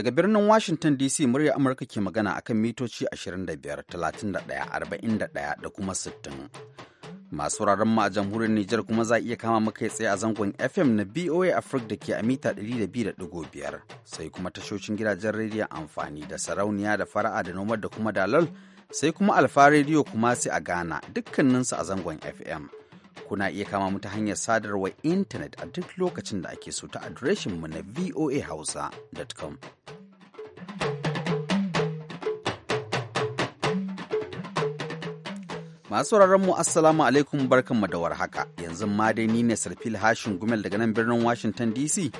Daga birnin Washington DC murya Amurka ke magana akan mitoci 25, 31, 41 da kuma 60. Masu wuraren ma a jamhuriyar Nijar kuma za a iya kama maka tsaye a zangon FM na BOA Africa da ke a mita 200.5 sai kuma tashocin gidajen rediyon amfani da sarauniya da fara'a da nomar da kuma dalal sai kuma alfa rediyo kuma sai a Ghana dukkaninsu a zangon FM. kuna iya kama mu ta hanyar sadarwar intanet a duk lokacin da ake so ta mu na voahausa.com. Masu mu Assalamu alaikum barkanmu da warhaka. Yanzu ma dai ni ne Sarfil Hashin Gumel daga nan birnin Washington DC.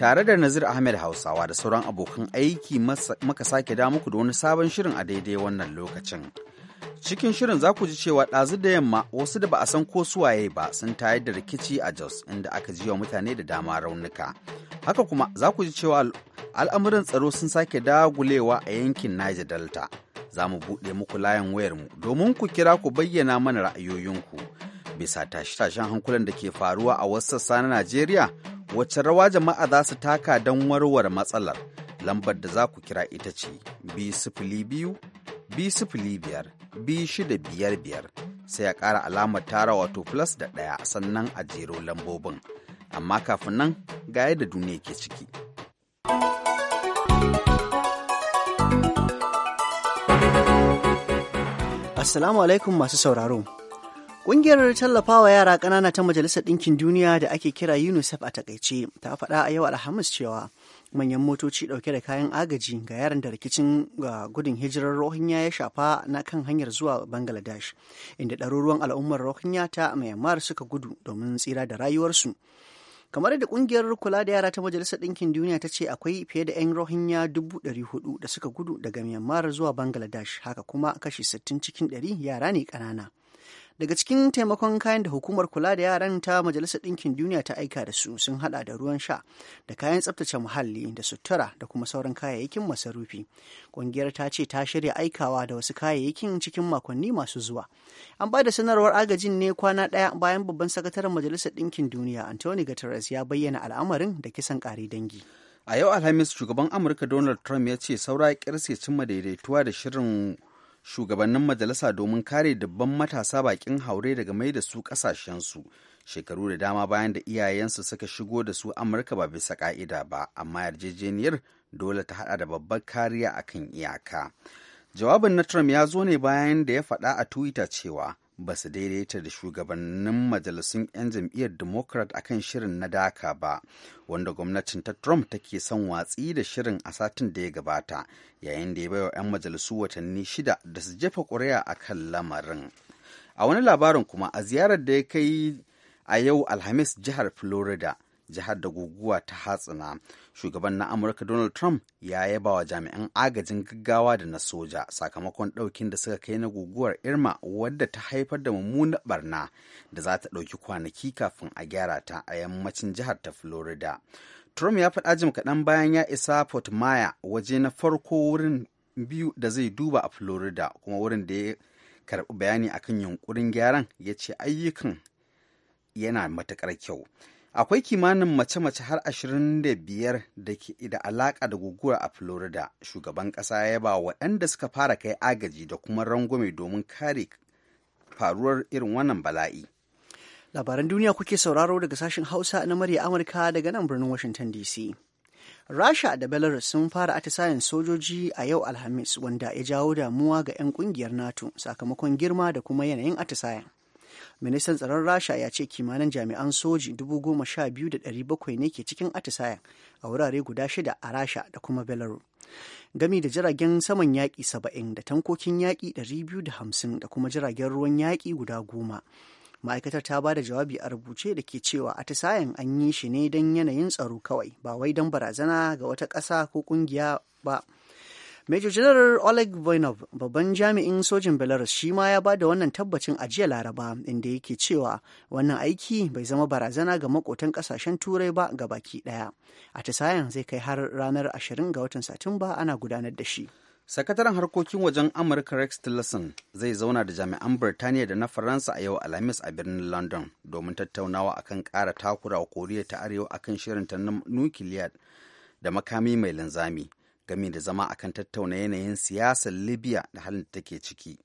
Tare da Nazir Ahmed Hausawa da sauran abokan aiki maka sake da muku da wani sabon shirin a daidai wannan lokacin. Cikin shirin za ku ji cewa ɗazu da yamma wasu da ba a san ko suwaye ba sun tayar da rikici a Jos inda aka ji wa mutane da dama raunuka. Haka kuma za ku ji cewa al'amuran tsaro sun sake dagulewa a yankin Niger Delta. Za mu buɗe muku layin wayarmu domin ku kira ku bayyana mana ra'ayoyinku. Bisa tashe-tashen hankulan da ke faruwa a wasu sassa na Najeriya, wacce rawa jama'a za su taka don warware matsalar. Lambar da za ku kira ita ce biyu biyar sai a ƙara alamar tara wato plus da ɗaya sannan a jero lambobin. Amma kafin nan ga da duniya ke ciki. Assalamu alaikum masu sauraro. Ƙungiyar tallafawa yara ƙanana ta Majalisar Ɗinkin Duniya da ake kira UNICEF a takaice ta faɗa a yau Alhamis cewa manyan motoci dauke da kayan agaji ga yaran da rikicin ga gudun hijirar rohingya ya shafa na kan hanyar zuwa bangladesh inda ɗaruruwan al'ummar rohingya ta myanmar suka gudu domin tsira da rayuwarsu kamar da kungiyar kula da yara ta majalisar ɗinkin duniya ta ce akwai fiye da 'yan rohingya 400 da suka gudu daga myanmar zuwa bangladesh haka kuma kashi sittin cikin ɗari yara ne ƙanana daga cikin taimakon kayan da hukumar kula da yaran ta majalisar ɗinkin duniya ta aika da su sun hada da ruwan sha da kayan tsabtace muhalli da sutura da kuma sauran kayayyakin masarufi ƙungiyar ta ce ta shirya aikawa da wasu kayayyakin cikin makonni masu zuwa an ba da sanarwar agajin ne kwana ɗaya bayan babban sakataren majalisar ɗinkin duniya anthony guterres ya bayyana al'amarin da kisan ƙari dangi a yau alhamis shugaban amurka donald trump ya ce saura ya cimma daidaituwa da shirin shugabannin majalisa domin kare dabban matasa bakin haure daga mai da su kasashensu shekaru da dama bayan da iyayensu suka shigo da su amurka ba bisa ka'ida ba amma yarjejeniyar dole ta hada da babbar kariya akan iyaka jawabin na trump ya zo ne bayan da ya faɗa a twitter cewa ba su daidaita da shugabannin majalisun 'yan jam'iyyar democrat akan shirin na daka ba wanda gwamnatin ta trump take son watsi da shirin a satin da ya gabata yayin da ya baiwa 'yan majalisu watanni shida da su jefa ƙuri'a kan lamarin a wani labarin kuma a ziyarar da ya kai a yau alhamis jihar florida jihar da guguwa ta hatsina shugaban na amurka donald trump ya yaba wa jami'an agajin gaggawa da na soja sakamakon ɗaukin da suka kai na guguwar irma wadda ta haifar da mummunar barna da za ta ɗauki kwanaki kafin a gyara ta a yammacin jihar ta florida trump ya faɗa jim kaɗan bayan ya isa fort maya waje na farko wurin biyu da zai duba a florida kuma wurin da ya karɓi bayani akan yunkurin gyaran ya ce ayyukan yana matuƙar kyau akwai kimanin mace-mace har 25 da ke da alaƙa da guguwa a florida shugaban ƙasa ya ba waɗanda suka fara kai agaji da kuma rangwame domin kare faruwar irin wannan bala'i labaran duniya kuke sauraro daga sashen hausa na murya amurka daga nan birnin washington dc rasha da belarus sun fara atisayen sojoji a yau alhamis wanda ya jawo damuwa ga 'yan kungiyar nato sakamakon girma da kuma yanayin atisayen ministan tsaron rasha ya ce kimanin jami'an soji 12,700 ne ke cikin atisayen a wurare guda shida a rasha da kuma belarus gami da jiragen saman yaƙi 70 da tankokin yaƙi 250 da kuma jiragen ruwan yaƙi guda goma ma'aikatar ta ba da jawabi a rubuce da ke cewa atisayen an yi shi ne don yanayin tsaro kawai ba wai don barazana ga wata ƙasa ko ƙungiya ba. Major General Oleg Voinov, babban jami'in sojin Belarus shi ma ya ba da wannan tabbacin a Laraba inda yake cewa wannan aiki bai zama barazana ga makotan kasashen Turai ba ga baki daya. Atisayen zai kai har ranar 20 ga watan Satumba ana gudanar da shi. Sakataren harkokin wajen Amurka Rex Tillerson zai zauna da jami'an Birtaniya da na Faransa a yau Alhamis a birnin London domin tattaunawa akan kara takura wa Koriya ta Arewa akan shirinta na nukiliya da makami mai linzami. game da zama akan tattauna yanayin siyasar libya da halin da take ciki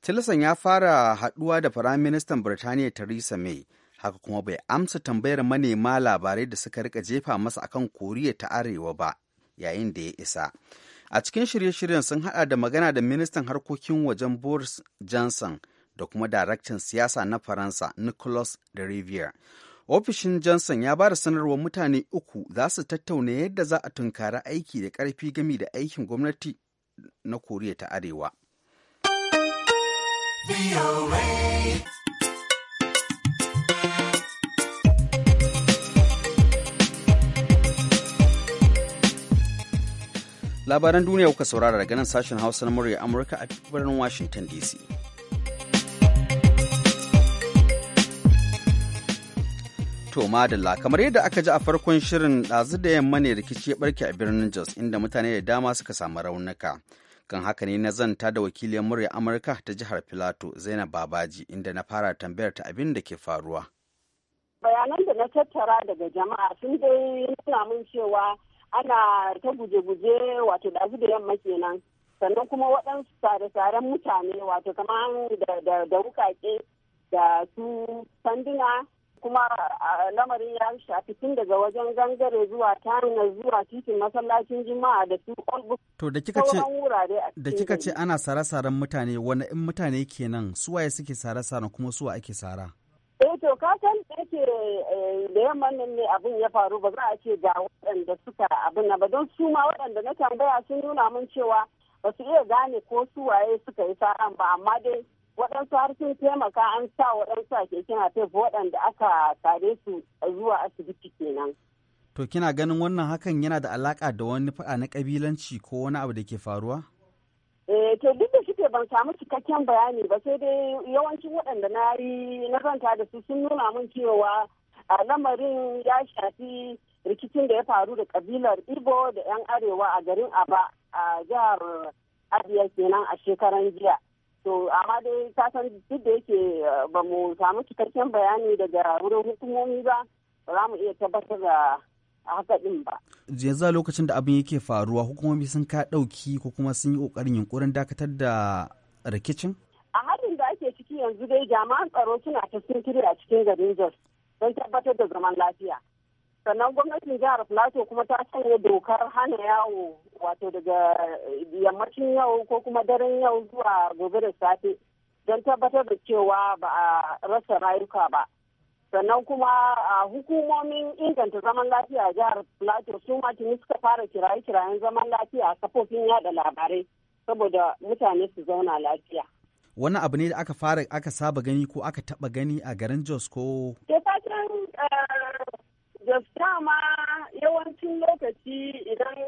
tillerson ya fara haduwa da firaministan birtaniya theresa may haka kuma bai amsa tambayar manema labarai da suka rika jefa masa akan koriya ta arewa ba yayin da ya isa a cikin shirye-shiryen sun hada da magana da ministan harkokin wajen boris johnson da kuma daraktan siyasa na faransa nicolas de riviere ofishin johnson ya ba da sanarwar mutane uku za su tattauna yadda za a tunkara aiki da karfi gami da aikin gwamnati na koriya ta arewa labaran duniya kuka saurara daga nan sashen hausa na murya amurka a birnin washington dc To Madala kamar yadda aka ji a farkon shirin ɗazu da yamma ne rikici ya barke a birnin Jos inda mutane da dama suka samu raunuka. Kan haka ne na zanta da wakiliyar murya Amurka ta jihar Filato Zainab Babaji inda na fara tambayar ta abin da ke faruwa. Bayanan da na tattara daga jama'a sun dai nuna mun cewa ana ta guje-guje wato ɗazu da yamma kenan. Sannan kuma waɗansu sare-saren mutane wato kamar da wukake da su sanduna kuma lamarin ya shafi tun daga wajen gangare zuwa tana zuwa titin masallacin juma'a da su olbus to da kika ce da kika ce ana sare-saren mutane wani in mutane kenan suwaye suke sare-saren kuma suwa ake sara eh to ka san yake eh, da yamman nan ne abin ya faru ba za a ce ga waɗanda suka abin ba don su ma waɗanda na tambaya sun nuna mun cewa ba su iya gane ko su suka yi saran ba amma dai waɗansu har sun taimaka an sa waɗansu a keken a waɗanda aka tare su zuwa asibiti kenan. To kina ganin wannan hakan yana da alaƙa da wani faɗa na ƙabilanci ko wani abu da ke faruwa? Eh to duk da ban samu cikakken bayani ba sai dai yawancin waɗanda na yi na zanta da su sun nuna min cewa a lamarin ya shafi rikicin da ya faru da ƙabilar Igbo da 'yan Arewa a garin Aba a jihar Abia kenan a shekaran jiya. to amma dai ta san duk da yake eh, ba mu samu cikakken bayani daga wurin hukumomi ba ba za mu iya tabbatar da haka din ba yanzu lokacin da abin yake faruwa hukumomi sun ka ɗauki ko kuma sun yi ƙoƙarin yunkurin dakatar da rikicin a halin da ake ciki yanzu dai jama'an tsaro suna ta sun a cikin garin jos don tabbatar da zaman lafiya sannan gwamnatin jihar plateau kuma ta sanya dokar hana yawo wato daga yammacin yau ko kuma daren yau zuwa gobe da safe don tabbatar da cewa ba a rasa rayuka ba sannan kuma hukumomin inganta zaman lafiya a jihar plateau su ma tuni suka fara kiraye-kirayen zaman lafiya a kafofin yada labarai saboda mutane su zauna lafiya wani abu ne da aka fara aka saba gani ko aka taba gani a garin jos ko gaskiya ma yawancin lokaci idan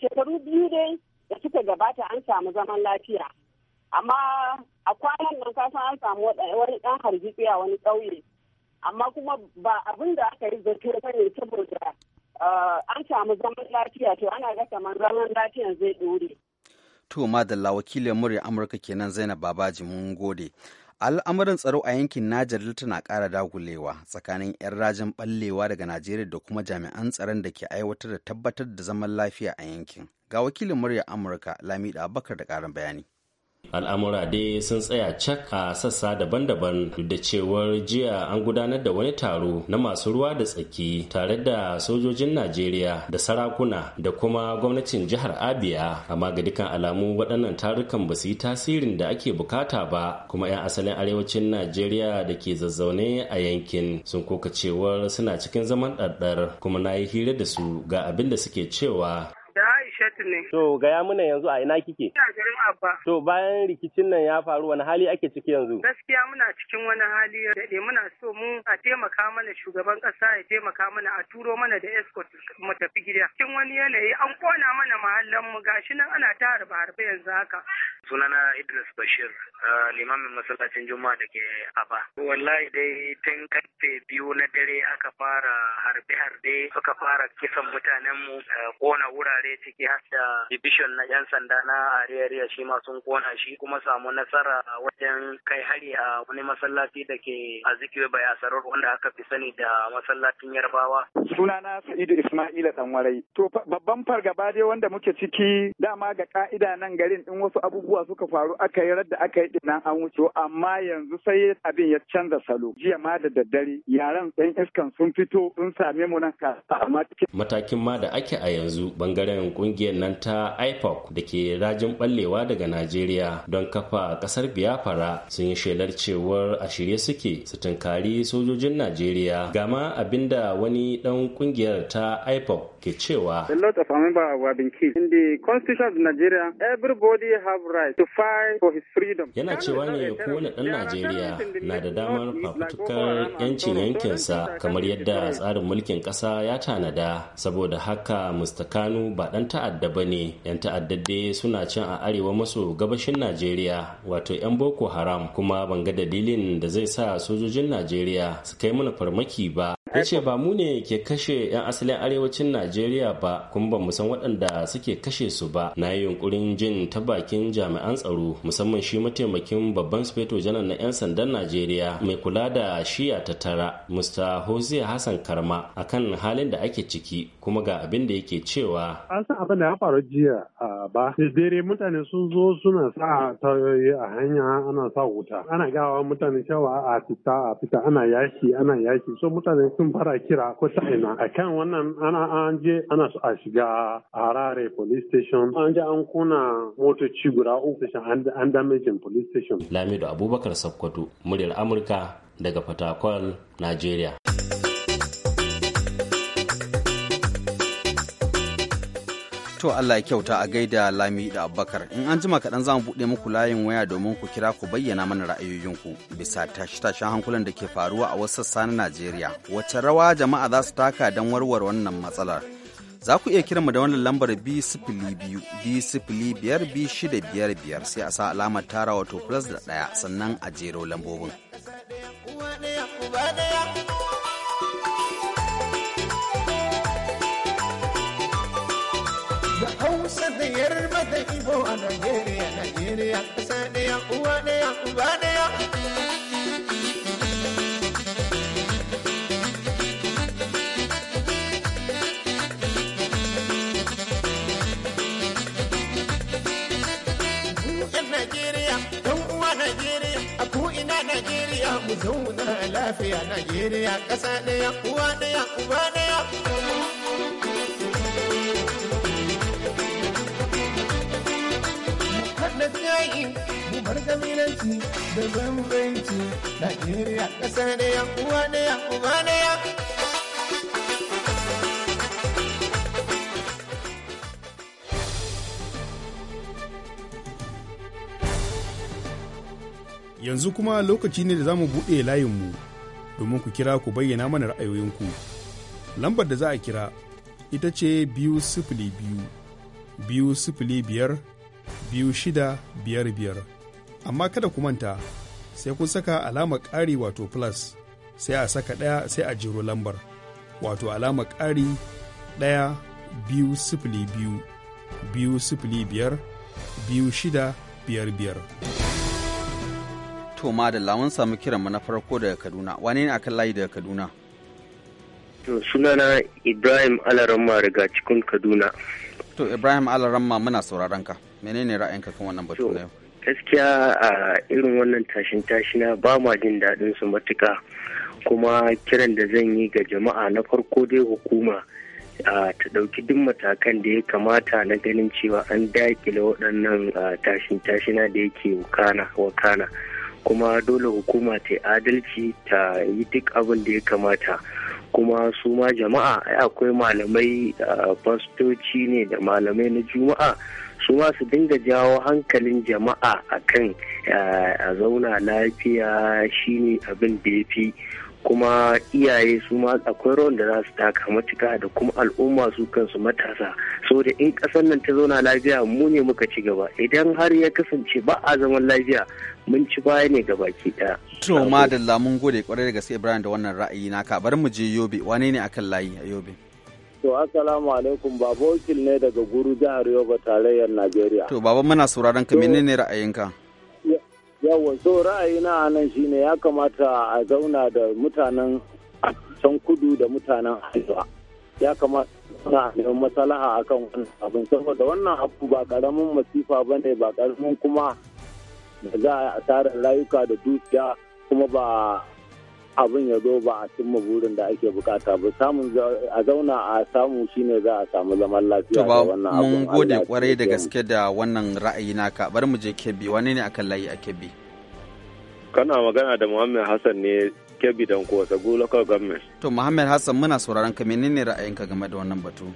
shekaru biyu dai da suka gabata an samu zaman lafiya amma a kwanan nan kasan an samu wani dan hargitsi a wani ƙauye amma kuma ba abin da aka yi zato ba ne saboda eh, an samu zaman lafiya to ana ga kamar zaman lafiyan zai dore. To madalla wakilin murya Amurka kenan Zainab Babaji mun gode. al'amuran tsaro a yankin Najar tana ƙara dagulewa tsakanin 'yan rajin ɓallewa daga Najeriya da kuma jami'an tsaron da ke aiwatar da tabbatar da zaman lafiya a yankin. Ga wakilin murya Amurka Lamida Abubakar da ƙarin bayani. al'amura dai sun tsaya cak a sassa daban-daban duk da cewar jiya an gudanar da wani taro na masu ruwa da tsaki tare da sojojin najeriya da sarakuna da kuma gwamnatin jihar abia amma ga dukkan alamu waɗannan tarukan ba su yi tasirin da ake bukata ba kuma 'yan asalin arewacin najeriya da ke zazzaune a yankin sun koka cewar suna cikin zaman ɗaɗɗar kuma na yi hira da su ga abin da suke cewa Saratu ne. To gaya mana yanzu a ina kike? Ina garin Abba. To bayan rikicin nan ya faru wani hali ake ciki yanzu? Gaskiya muna cikin wani hali daɗe muna so mu a taimaka mana shugaban ƙasa ya taimaka mana a turo mana da escort mu tafi gida. Cikin wani yanayi an kona mana mahallan mu gashi nan ana ta harbe-harbe yanzu haka. sunana idris bashir limamin masallacin juma'a da ke aba wallahi dai tun karfe biyu na dare aka fara harbe-harbe suka fara kisan mutanen mu kona wurare ciki har da division na yan sanda na ariya shi ma sun kona shi kuma samu nasara wajen kai hari a wani masallaci da ke azikiwe bai asarar wanda aka fi sani da masallacin yarbawa sunana sa'idu ismaila danwarai to babban fargaba dai wanda muke ciki dama ga ka'ida nan garin in wasu abubuwa abubuwa suka faru aka yi radda aka yi dinan an wuce amma yanzu sai abin ya canza salo jiya ma da daddare yaran ɗan iskan sun fito sun same mu nan amma matakin ma da ake a yanzu bangaren kungiyar nan ta ipoc da ke rajin ballewa daga najeriya don kafa kasar biafra sun yi shelar cewar a shirye suke su tunkari sojojin najeriya gama abinda wani dan kungiyar ta ipoc ke cewa a lot of member wa been in the constitution of nigeria everybody have right Yana cewa ne kowane ɗan Najeriya na da damar fafutukar 'yancin yankinsa kamar yadda tsarin mulkin ƙasa ya tanada. Saboda haka Mr. Kanu ba ɗan ta'adda ba ne. 'Yan ta'addade suna cin a arewa maso gabashin Najeriya wato 'yan Boko Haram kuma ban ga dalilin da zai sa sojojin Najeriya su kai mana farmaki ba. ya ce ba mu ne ke kashe 'yan asalin arewacin najeriya ba kuma ba san waɗanda suke kashe su ba na yi yunkurin jin ta bakin jami'an tsaro musamman shi mataimakin babban speto janar na 'yan sandan najeriya mai kula da shiya ta tara mr hosea hassan karma akan halin da ake ciki kuma ga abin da yake cewa an san abin da ya faru jiya ba dare mutane sun zo suna sa tayoyi a hanya ana sa wuta ana gawa mutane cewa a fita a fita ana yaki ana yaki so mutane sun fara kira ko aina a kan wannan ana an je ana su a shiga harare police station an je an kuna motoci guda uku an damajin police station. Lamido Abubakar Sakkwato, muryar Amurka daga Fatakwal, nigeria. To Allah ya kyauta a gaida Lami da Abubakar. In an jima kaɗan za mu buɗe muku layin waya domin ku kira ku bayyana mana ra'ayoyinku bisa tashe-tashen hankulan da ke faruwa a wasu sassa na Najeriya. Wace rawa jama'a za su taka don warware wannan matsalar? Za ku iya kiranmu da wannan lambar b sifili biyu b biyar b shida biyar biyar sai a sa alamar tara wato plus da ɗaya sannan a jero lambobin. Najeriya, Najeriya, ƙasa ɗaya, uwa ɗaya, uba ɗaya. Najeriya mu zauna lafiya Najeriya ƙasa ɗaya uwa ɗaya uba ɗaya Yanzu kuma lokaci ne da za mu buɗe layinmu domin ku kira ku bayyana mana ra'ayoyinku. Lambar da za a kira ita ce biyu sifili biyu, biyu sifili biyar biyar amma kada ku manta sai kun saka alama ƙari wato plus sai a saka ɗaya sai a jiro lambar wato alama ƙari ɗaya biyu sifili biyu biyu sifili biyar biyu shida biyar biyar. To ma da lawan samu kiranmu na farko daga Kaduna wane ne akan layi daga Kaduna? To sunana Ibrahim Alaramma daga cikin Kaduna. To Ibrahim Alaramma muna sauraron ka. menene ra'ayinka kan wannan batu na yau gaskiya a irin wannan tashin tashina ba ma jin daɗin su matuka kuma kiran da zan yi ga jama'a na farko dai hukuma ta ɗauki duk matakan da ya kamata na ganin cewa an dakile waɗannan tashin tashina da yake wakana kuma dole hukuma ta adalci ta yi duk abin da ya kamata kuma su ma jama'a akwai malamai fastoci ne da malamai na juma'a su ma su dinga jawo hankalin jama'a akan a zauna lafiya shine abin da ya fi kuma iyaye su ma akwai rawan da za su taka matuka da kuma al'umma su kansu matasa da in ƙasar nan ta zauna lafiya mu ne muka ci gaba idan har ya kasance ba a zaman lafiya mun ci baya ne ga baki ɗaya. to madalla mun gode kwarai da gaske ibrahim da wannan ra'ayi naka bari mu je yobe wane ne akan layi a yobe. To assalamu alaikum baba wakil ne daga guru jihar Yoba tarayyar Najeriya. To baba muna sauraron ka menene ra'ayinka? Yawwa so ra'ayina a nan shine ya kamata a zauna da mutanen can kudu da mutanen arewa. Ya kamata na neman masalaha akan wannan abin saboda wannan abu ba karamin masifa ba ne ba karamin kuma da za a tara rayuka da dukiya kuma ba abin ya zo ba a cimma burin da ake bukata ba samun a zauna a samu shine za a samu zaman lafiya da wannan abun mun gode kwarai da gaske da wannan ra'ayi naka bari mu je kebbi wani ne akan layi a kebbi kana magana da muhammed hassan ne kebbi dan ko sagu local government to muhammed hassan muna sauraron ka menene ra'ayinka game da wannan batu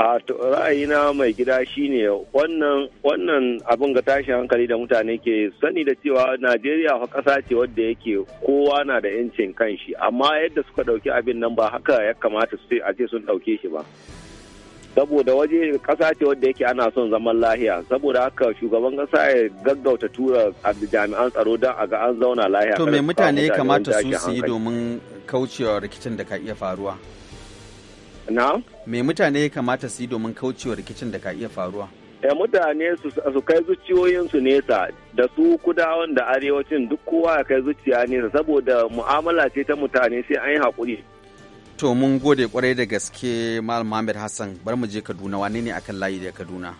a to ra'ayina mai gida shine wannan wannan abin ga tashin hankali da mutane ke sani da cewa najeriya fa kasa ce wadda yake kowa na da yancin kanshi amma yadda suka dauki abin nan ba haka ya kamata su a ce sun ɗauke shi ba saboda waje kasa ce wadda yake ana son zaman lahiya saboda haka shugaban kasa ya gaggauta tura jami'an tsaro dan a ga an zauna lahiya to me mutane ya kamata su su yi domin kaucewa rikicin da ka iya faruwa me mutane ya kamata su yi domin kaucewa rikicin da ka iya faruwa ya eh, mutane su kai zuciyoyinsu nesa da su kudawan da arewacin duk kowa ya kai zuciya nesa saboda mu'amala ce ta mutane sai an yi haƙuri to mun gode kwarai da gaske mal Muhammad Hassan bar mu je Kaduna wane ne akan layi da Kaduna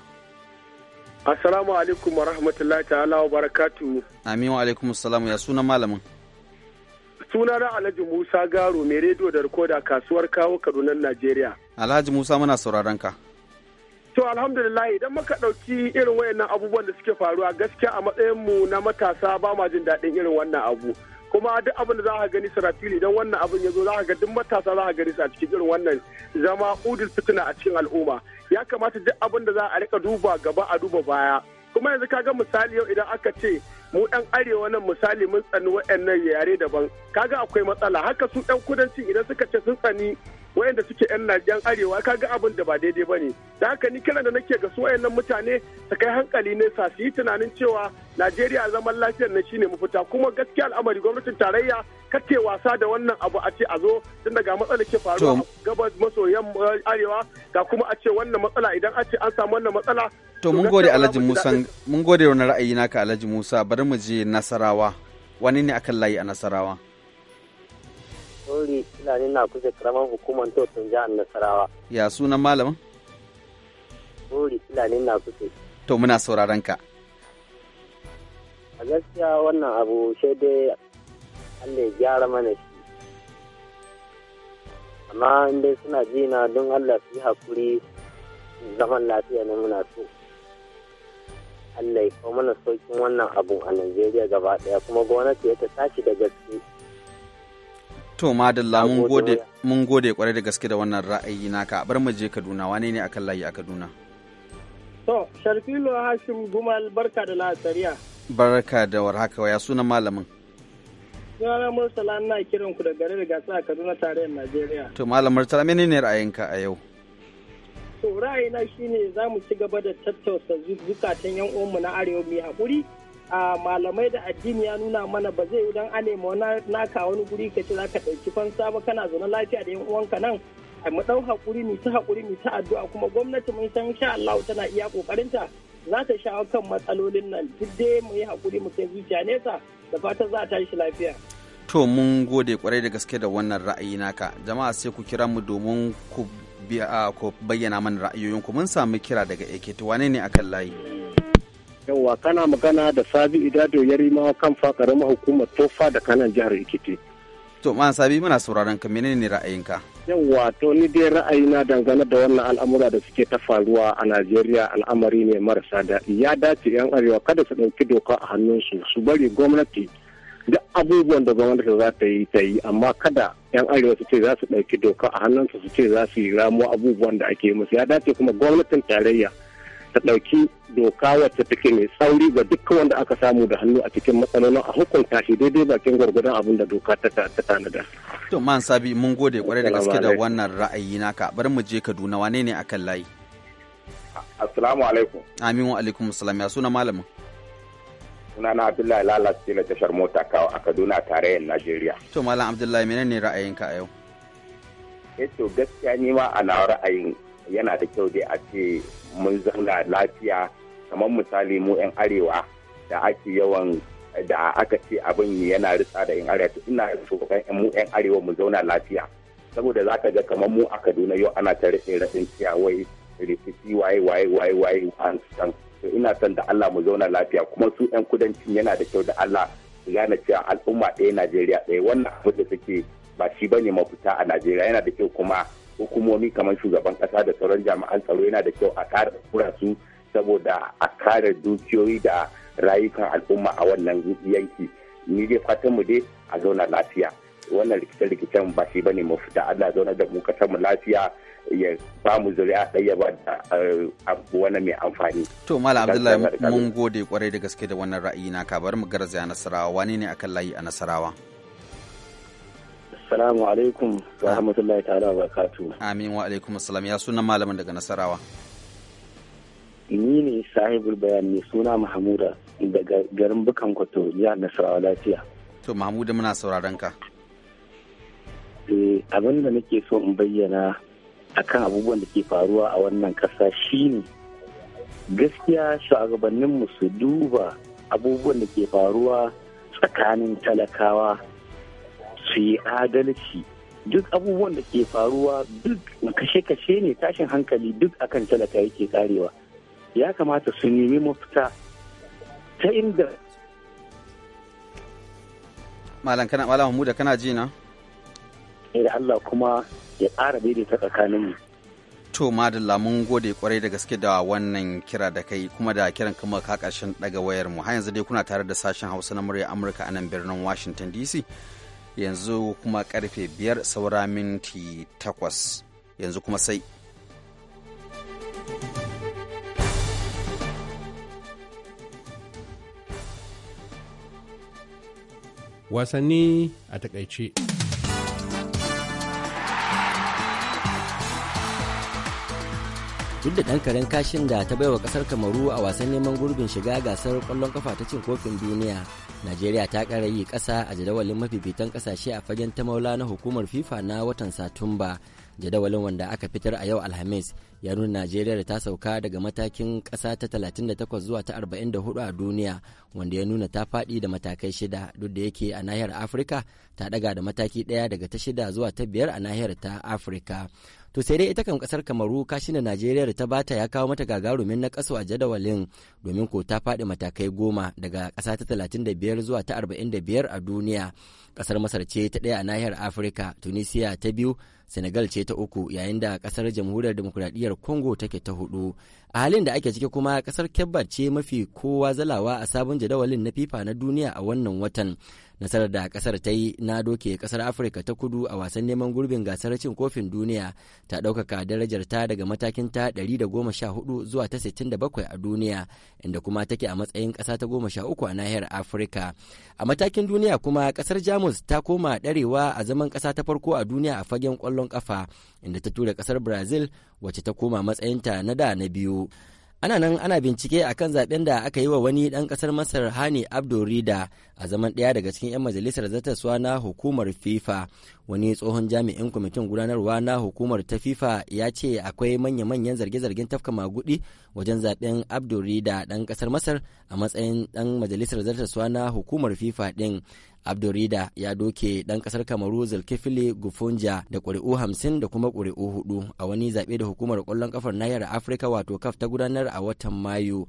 Assalamu alaikum wa rahmatullahi ta'ala wa barakatu Amin wa alaikum salamu ya suna malamin suna na alhaji musa garo mai rediyo da rikoda kasuwar kawo kadunan najeriya alhaji musa muna sauraron ka to alhamdulillah idan muka ɗauki irin wayannan abubuwan da suke faruwa gaskiya a matsayin mu na matasa ba ma jin daɗin irin wannan abu kuma duk abin da za ka gani sarafili idan wannan abin ya zo za ka ga duk matasa za ka gani a cikin irin wannan zama udul fitina a cikin al'umma ya kamata duk abin da za a rika duba gaba a duba baya kuma yanzu ka ga misali yau idan aka ce mu yan arewa nan misali mun tsani waɗannan yare daban kaga akwai matsala haka su yan kudanci idan suka ce sun tsani wayanda suke yan najan arewa kaga abin da ba daidai bane da haka ni kiran da nake ga su wayannan mutane su kai hankali ne sa su yi tunanin cewa Najeriya zaman lafiyar na shine mafita kuma gaskiya al'amari gwamnatin tarayya kake wasa da wannan abu a ce a zo tun daga matsala ke faruwa gabas maso arewa ga kuma a ce wannan matsala idan a ce an samu wannan matsala to mun gode Alhaji Musa mun gode wani ra'ayi naka Alhaji Musa bar bari mu je nasarawa wani ne akan layi a nasarawa ne na kusa karamar hukumar totun jihar Nasarawa. Ya sunan malamin? Sori, ina ne na kusa. To muna sauraron ka. A gaskiya wannan abu sai dai Allah ya gyara mana shi. Amma inda suna jina don Allah su yi haƙuri zaman lafiya ne muna so. Allah ya kawo mana saukin wannan abu a Najeriya gaba ɗaya kuma gwamnati ya ta tashi da gaske. To madalla mun gode mun gode kwarai da gaske da wannan ra'ayi naka bar mu je Kaduna wane ne akan layi a Kaduna? To Sharfilo Hashim Gumal barka da lasariya. Barka da warhaka ya sunan malamin. Sunana Murtala ina kiran ku da gare da gasa a Kaduna tarayyar Najeriya. To malam Murtala menene ra'ayinka a yau? to ra'ayina shine za mu ci gaba da tattausa zukatan yan uwanmu na arewa mai haƙuri a malamai da addini ya nuna mana ba zai dan anema naka wani guri ka ci za ka ɗauki fansa ba kana zaune lafiya da yan uwanka nan mu ɗau hakuri mu ta haƙuri mu ta addu'a kuma gwamnati mun san sha Allah tana iya ƙoƙarinta za ta shawo kan matsalolin nan duk dai mu yi haƙuri mu kai zuciya nesa da fatan za ta shi lafiya. To mun gode kwarai da gaske da wannan ra'ayi naka jama'a sai ku kira mu domin ku biya ko bayyana mana ra'ayoyinku mun samu kira daga ekiti wane ne akan layi yawwa kana magana da sabi idado yarima kan fa hukumar tofa da kanan jihar ikiti. to ma sabi muna sauraron ka menene ra'ayinka yawwa to ni dai ra'ayi na dangane da wannan al'amura da suke ta faruwa a najeriya al'amari ne marasa daɗi ya dace yan arewa kada su ɗauki doka a hannunsu su bari gwamnati da abubuwan da gwamnati za ta yi ta yi amma kada yan arewa su ce za su ɗauki doka a hannunsu su ce za su yi ramo abubuwan da ake musu ya dace kuma gwamnatin tarayya ta ɗauki doka wacce take mai tsauri ga dukkan wanda aka samu da hannu a cikin matsalolin a hukunta shi daidai bakin gwargwadon abin da doka ta tanada. To man sabi mun gode kwarai da gaske da wannan ra'ayi naka bari mu je Kaduna wane ne akan layi? Assalamu alaikum. Amin wa alaikum salam ya suna malamin. sunana abdullahi lalas na tashar mota kawo a kaduna tare tarayyar najeriya to malam abdullahi menene ra'ayinka a yau eto eh, gaskiya ni ma a ra'ayin yana da kyau dai a ce mun zauna lafiya kamar misali mu 'yan arewa da ake yawan da aka ce abin yana ritsa da 'yan arewa ina tsoron mu 'yan arewa mu zauna lafiya saboda zaka ga kamar mu a kaduna yau ana ta rike rasin ciyawai rikici waye waye waye waye an san ina son da Allah mu zauna lafiya kuma su 'yan kudancin yana da kyau da Allah su gane cewa al'umma ɗaya Najeriya ɗaya wannan abu da suke ba shi ba ne mafita a Najeriya yana da kyau kuma hukumomi kamar shugaban ƙasa da sauran jami'an tsaro yana da kyau a kare kura su saboda a kare dukiyoyi da rayukan al'umma a wannan yanki ni dai fatan mu dai a zauna lafiya wannan rikice-rikicen ba shi ne mafita ana zauna da mu kasar mu lafiya ya ba mu zuri'a ɗaya ba eh, wani mai amfani. To Mala Abdullahi mun gode kwarai da gaske da wannan ra'ayi na ka bar mu garzaya Nasarawa wani ne akan layi a Nasarawa? Assalamu alaikum wa ah. rahmatullahi ta'ala wa barakatu. Amin wa alaikum assalam ya sunan malamin daga Nasarawa. Ni ne sahibul bayan ne suna Mahamuda daga garin Bukan Kwato jihar Nasarawa lafiya. To Mahamuda muna sauraron ka. Eh, abin da nake so in bayyana akan abubuwan da ke faruwa a wannan ƙasa shine gaskiya shugabanninmu su duba abubuwan da ke faruwa tsakanin talakawa su yi adalci duk abubuwan da ke faruwa duk kashe-kashe ne tashin hankali duk akan talaka yake karewa ya kamata su nemi mafita ta inda malam kana malam kana ji na da Allah kuma ya ƙara daidaita tsakaninmu. To madalla mun gode kwarai da gaske da wannan kira da kai kuma da kiran kuma ka ƙarshen ɗaga wayar mu har yanzu dai kuna tare da sashen Hausa na murya Amurka a nan birnin Washington DC yanzu kuma karfe biyar saura minti takwas yanzu kuma sai wasanni a takaice. duk da ɗan karen kashin da ta baiwa ƙasar kamaru a wasan neman gurbin shiga gasar ƙwallon kafa ta cin kofin duniya najeriya ta ƙara yi ƙasa a jadawalin mafifitan ƙasashe a fagen ta maula na hukumar fifa na watan satumba jadawalin wanda aka fitar a yau alhamis ya nuna najeriya da ta sauka daga matakin ƙasa ta 38 zuwa ta 44 a duniya wanda ya nuna ta faɗi da matakai shida duk da yake a nahiyar afirka ta ɗaga da mataki ɗaya daga ta shida zuwa ta biyar a nahiyar ta afirka to sai dai ita kan kasar kamaru kashin da najeriya da ta bata ya kawo mata gagarumin na kaso a jadawalin domin ko ta faɗi matakai goma daga ƙasa ta talatin da biyar zuwa ta arba'in da biyar a duniya ƙasar masar ce ta ɗaya a nahiyar afirka tunisia ta biyu senegal ce ta uku yayin da kasar jamhuriyar demokuraɗiyyar congo take ta hudu a halin da ake ciki kuma ƙasar kebbar ce mafi kowa zalawa a sabon jadawalin na fifa na duniya a wannan watan nasarar da kasar ta yi na doke kasar afirka ta kudu a wasan neman gurbin gasar cin kofin duniya ta daukaka darajar ta daga matakin ta 114 zuwa ta 67 a duniya inda kuma take a matsayin ƙasa ta 13 a nahiyar afirka a matakin duniya kuma kasar jamus ta koma darewa a zaman ƙasa ta farko a duniya a fagen kwallon ƙafa inda ta tura kasar brazil wacce ta koma matsayinta na da na biyu ana nan ana bincike a kan zaben da aka yi wa wani ɗan ƙasar masar hani abdo rida a zaman ɗaya daga cikin 'yan majalisar zartaswa na hukumar fifa wani tsohon jami'in kwamitin gudanarwa na hukumar ta fifa ya ce akwai manya-manyan zarge-zargen tafka maguɗi wajen zaɓen abdo rida ɗan ƙasar masar a matsayin ɗan majalisar zartaswa na hukumar fifa ɗin abdurida ya doke dan kasar kamaru zulkifili gufunja da ƙuri'u hamsin da kuma kuri'u hudu a wani zaɓe da hukumar kwallon kafar nahiyar afirka wato kaf ta gudanar a watan mayu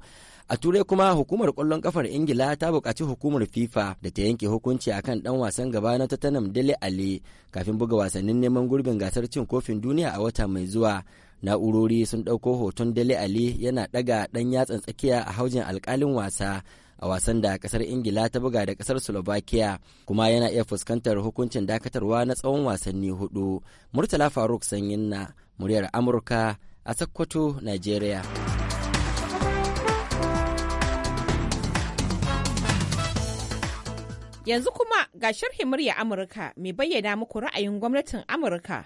a turai kuma hukumar kwallon kafar ingila ta buƙaci hukumar fifa da ta yanke hukunci akan dan wasan gaba na tottenham dele ali kafin buga wasannin neman gurbin gasar cin kofin duniya a wata mai zuwa na'urori sun ɗauko hoton dele ali yana ɗaga ɗan yatsan tsakiya a haujin alkalin wasa a wasan da kasar ingila ta buga da kasar slovakia kuma yana iya fuskantar hukuncin dakatarwa na tsawon wasanni hudu murtala faruk sanyin na muryar amurka a sakkwato nigeria yanzu kuma ga sharhi murya amurka mai bayyana muku ra'ayin gwamnatin amurka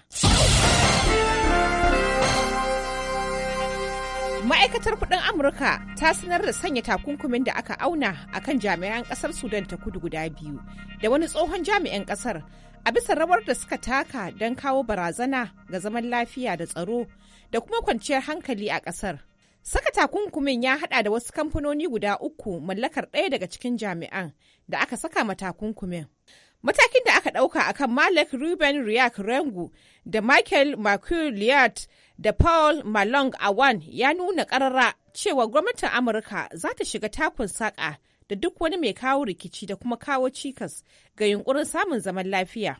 ma'aikatar kudin amurka ta sanar da sanya takunkumin da aka auna a kan jami'an kasar sudan ta kudu guda biyu da wani tsohon jami'an kasar a bisa rawar da suka taka don kawo barazana ga zaman lafiya da tsaro da kuma kwanciyar hankali a kasar saka takunkumin ya hada da wasu kamfanoni guda uku mallakar ɗaya daga cikin jami'an da aka saka ma takunkumin matakin da aka ɗauka akan malik ruben riak rengu da michael mcculliard da Paul Malong Awan ya nuna ƙarara cewa gwamnatin Amurka za ta shiga takun saƙa da duk wani mai kawo rikici da kuma kawo cikas ga yunkurin samun zaman lafiya.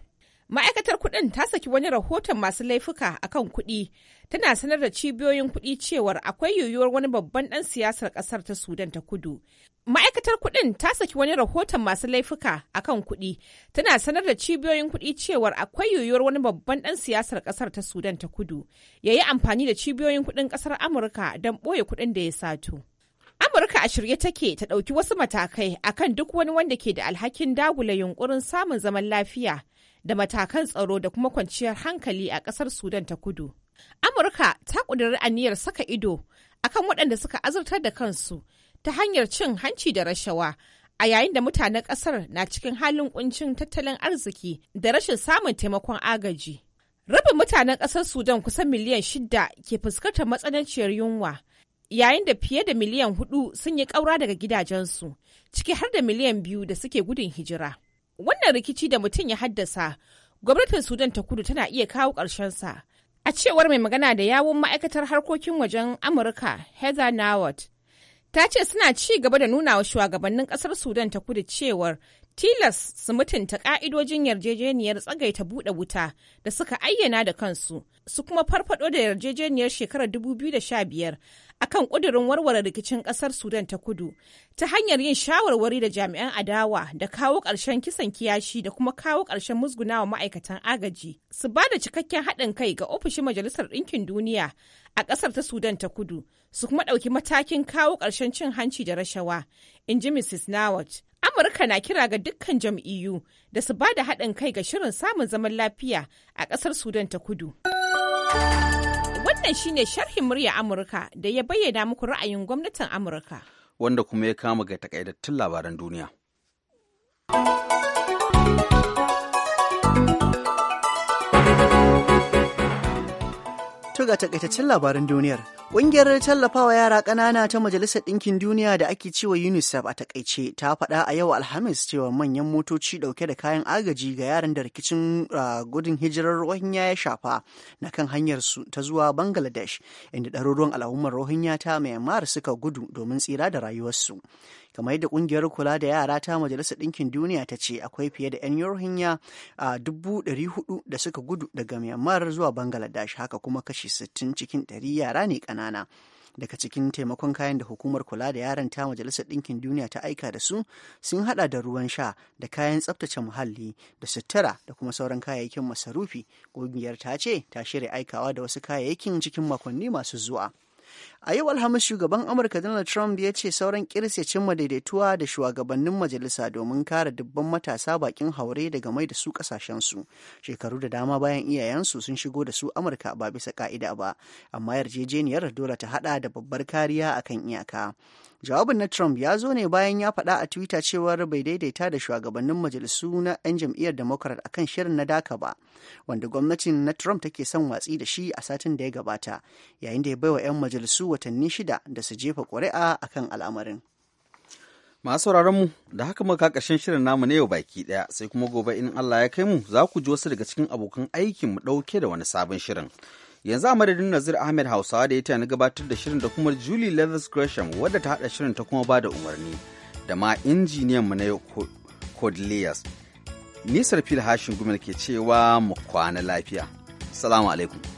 ma'aikatar kuɗin ta saki wani rahoton masu laifuka akan kuɗi tana sanar da cibiyoyin kuɗi cewar akwai yiwuwar wani babban ɗan siyasar kasar ta sudan ta kudu ma'aikatar kuɗin ta saki wani rahoton masu laifuka akan kuɗi tana sanar da cibiyoyin kuɗi cewar akwai yiwuwar wani babban ɗan siyasar ƙasar ta sudan ta kudu ya yi amfani da cibiyoyin kuɗin ƙasar amurka don ɓoye kuɗin da ya sato Amurka a shirye take ta ɗauki wasu matakai akan duk wani wanda ke da alhakin dagula yunkurin samun zaman lafiya da matakan tsaro da kuma kwanciyar hankali a ƙasar Sudan ta kudu. Amurka ta ƙudiri aniyar saka ido akan waɗanda suka azurtar da kansu ta hanyar cin hanci da rashawa a yayin da mutanen ƙasar na cikin halin ƙuncin tattalin arziki da rashin samun taimakon agaji. Rabin mutanen ƙasar Sudan kusan miliyan shida ke fuskantar matsananciyar yunwa, yayin da fiye da miliyan hudu sun yi ƙaura daga gidajensu, ciki har da miliyan biyu da suke gudun hijira. Wannan rikici da mutum ya haddasa, gwamnatin Sudan ta kudu tana iya kawo sa. A cewar mai magana da yawon ma'aikatar harkokin wajen Amurka, Heather Nawat, ta ce suna ci gaba da nuna wa shugabannin ƙasar Sudan ta kudu cewar tilas su mutunta ƙa'idojin yarjejeniyar tsagaita buɗe wuta da suka ayyana da kansu. su kuma farfado da yarjejeniyar shekarar 2015 akan kudurin warware rikicin kasar sudan ta kudu ta hanyar yin shawarwari da jami'an adawa da kawo ƙarshen kisan kiyashi da kuma kawo ƙarshen musgunawa ma'aikatan agaji su ba da cikakken haɗin kai ga ofishin majalisar ɗinkin duniya a ƙasar ta sudan ta kudu su kuma ɗauki matakin kawo ƙarshen cin hanci da rashawa in ji mrs nawat Amurka na kira ga dukkan jam'iyyu da su ba da haɗin kai ga shirin samun zaman lafiya a ƙasar Sudan ta kudu. Wannan shine sharhin murya Amurka da ya bayyana muku ra'ayin gwamnatin Amurka. Wanda kuma ya kama ga takaitattun labaran duniya. tuga ga takaitaccen labaran duniyar. Ƙungiyar tallafawa yara ƙanana ta Majalisar Ɗinkin Duniya da ake cewa UNICEF a takaice ta faɗa a yau Alhamis cewa manyan motoci ɗauke da kayan agaji ga yaran da rikicin gudun hijirar Rohingya ya shafa na kan hanyarsu ta zuwa Bangladesh inda ɗaruruwan al'ummar Rohingya ta Myanmar suka gudu domin tsira da rayuwarsu. kamar yadda kungiyar kula da yara ta majalisar ɗinkin duniya ta ce akwai fiye da 'yan yorhinya a dubu ɗari hudu da suka gudu daga myanmar zuwa bangladesh haka kuma kashi sittin cikin ɗari yara ne ƙanana daga cikin taimakon kayan da hukumar kula da yaran ta majalisar ɗinkin duniya ta aika da su sun hada da ruwan sha da kayan tsaftace muhalli da sutura da kuma sauran kayayyakin masarufi ƙungiyar ta ce ta shirya aikawa da wasu kayayyakin cikin makonni masu zuwa. A yau Alhamis shugaban Amurka Donald Trump ya ce sauran kirs ya cimma daidaituwa da shugabannin majalisa domin kare dubban matasa bakin haure daga mai da su kasashensu. Shekaru da dama bayan iyayensu sun shigo da su Amurka ba bisa ka'ida ba, amma yarjejeniyar dole ta hada da babbar kariya akan iyaka. Jawabin na Trump ya zo ne bayan ya faɗa a Twitter cewar bai daidaita da shugabannin majalisu na 'yan jam'iyyar Democrat akan shirin na daka ba, wanda gwamnatin na Trump take son watsi da shi a satin da ya gabata yayin da ya baiwa 'yan majalisu watanni shida da su jefa ƙuri'a akan al'amarin. Masu sauraron mu da haka muka ƙarshen shirin namu na yau baki ɗaya sai kuma gobe in Allah ya kai mu za ku ji wasu daga cikin abokan aikin mu ɗauke da wani sabon shirin. Yanzu a madadin Nazir Ahmed Hausawa da ya tana gabatar da shirin da kuma Julie Leathers Gresham wadda ta haɗa shirin ta kuma ba da umarni da ma injiniyan mu na yau nisar fil hashin gumel ke cewa mu kwana lafiya salamu alaikum